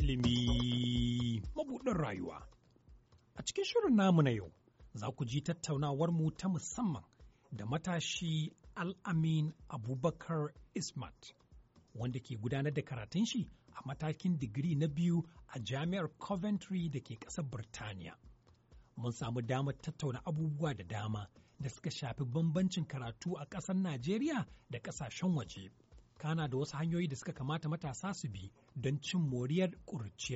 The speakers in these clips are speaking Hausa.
ilimi mabuɗin rayuwa. A cikin shirin namu na yau, za ku ji tattaunawarmu ta musamman da matashi Al'amin Abubakar Ismat, wanda ke gudanar da karatun shi a matakin digiri na biyu a Jami'ar Coventry da ke ƙasar Birtaniya. Mun samu damar tattauna abubuwa da dama da suka shafi bambancin karatu a ƙasar Najeriya da ƙasashen waje. kana da wasu hanyoyi da suka kamata matasa su bi don cin moriyar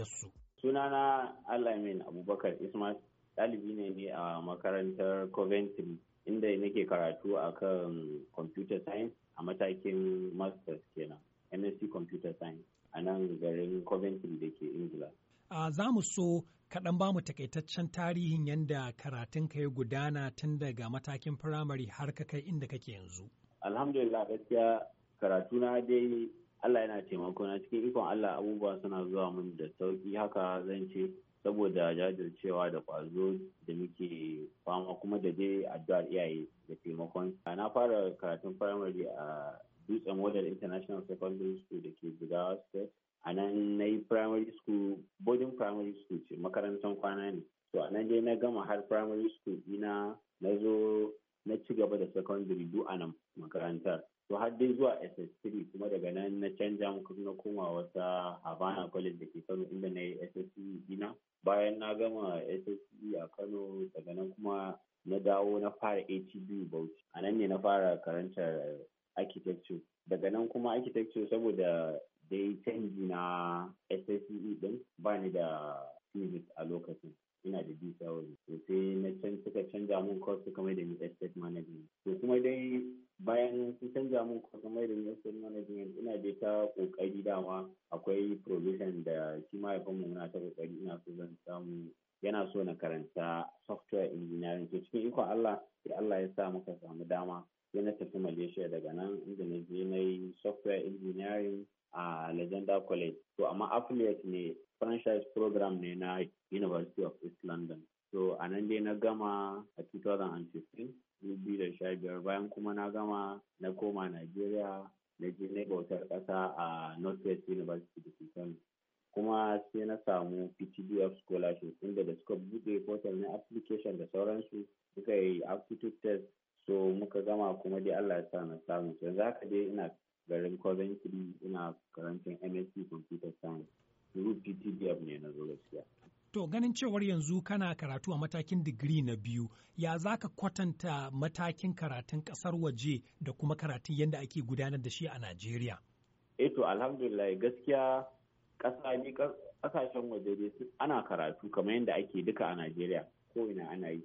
su Sunana Alamin Abubakar Ismail ɗalibi ne ne a makarantar Coventry inda nake karatu a kan computer science a matakin masters kenan MSc computer science a nan garin Coventry da ke Ingila. A za mu so kaɗan ba mu takaitaccen tarihin yadda karatun ka ya gudana tun daga matakin firamare har ka kai inda kake yanzu. Alhamdulillah gaskiya karatu na dai Allah yana taimako na cikin ikon Allah abubuwa suna zuwa mun da sauki haka zan ce saboda jajircewa da kwazo da muke fama kuma da dai addu'ar iyaye da taimakon na fara karatun primary a dutsen wadar international secondary school da ke jigawa state a nan na yi primary school boarding primary school ce makarantar kwana ne to a nan dai na gama har primary school ina na zo na ci gaba da secondary duk a nan makarantar to har dai zuwa ss3 kuma daga nan na canja muka na koma wata havana college da ke kano inda na yi ss3 dina bayan na gama ss3 a kano daga nan kuma na dawo na fara atb bauchi a nan ne na fara karantar architecture daga nan kuma architecture saboda dai canji na ss3 din ba ni da physics a lokacin ina da bisa waje sosai sai na can suka canja mun course suka mai da ni estate management to kuma dai bayan sun canja mun mai da investment management ina dai ta kokari dama akwai provision da shi mahaifin mu muna ta kokari ina so zan samu yana so na karanta software engineering to cikin ikon Allah sai Allah ya sa muka samu dama sai na tafi Malaysia daga nan inda na je na yi software engineering a Legenda College. To amma affiliate ne franchise program ne na University of East London. So a nan dai na gama a 2015, 2015 bayan kuma na gama na koma Najeriya na je na bautar ƙasa a Northwest University da ke Kuma sai na samu PTDF scholarship inda da za ka je ina garin Coventry ina karantar MSc Computer Science. Group DTBF ne na zo gaskiya. To ganin cewar yanzu kana karatu a matakin digiri na biyu, ya za ka kwatanta matakin karatun kasar waje da kuma karatun yadda ake gudanar da shi a Najeriya? Eh to alhamdulillah gaskiya ƙasa ne ƙasashen waje ne ana karatu kamar yadda ake duka a Najeriya ko ina ana yi.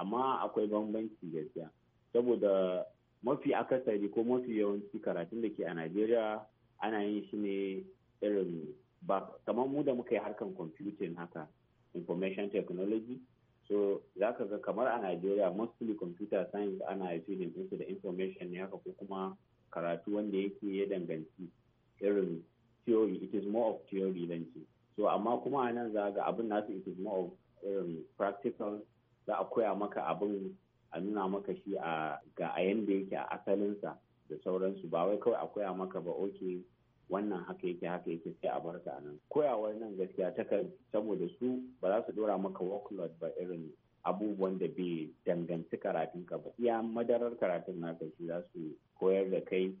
Amma akwai bambanci gaskiya. Saboda mafi akasari ko mafi yawanci karatun da ke a najeriya ana yin shi ne irin ba kamar mu da muka yi harkan computing haka information technology so za ka ga kamar a najeriya mostly computer science ana filin ɗinsu da information ne haka ko kuma karatu wanda yake ya danganci irin theory it is more of theory than ce so amma kuma a nan za ga abin nasu it is more of irin practical za a koya maka abin a nuna maka shi a ga ayan da yake a asalinsa da sauransu ba wai kawai a koya maka ba oke wannan haka yake haka yake sai a bar ta nan koyawar nan gaskiya ta saboda su ba za su dora maka workload ba irin abubuwan da bai danganci karatun ka ba iya madarar karatun naka shi za su koyar da kai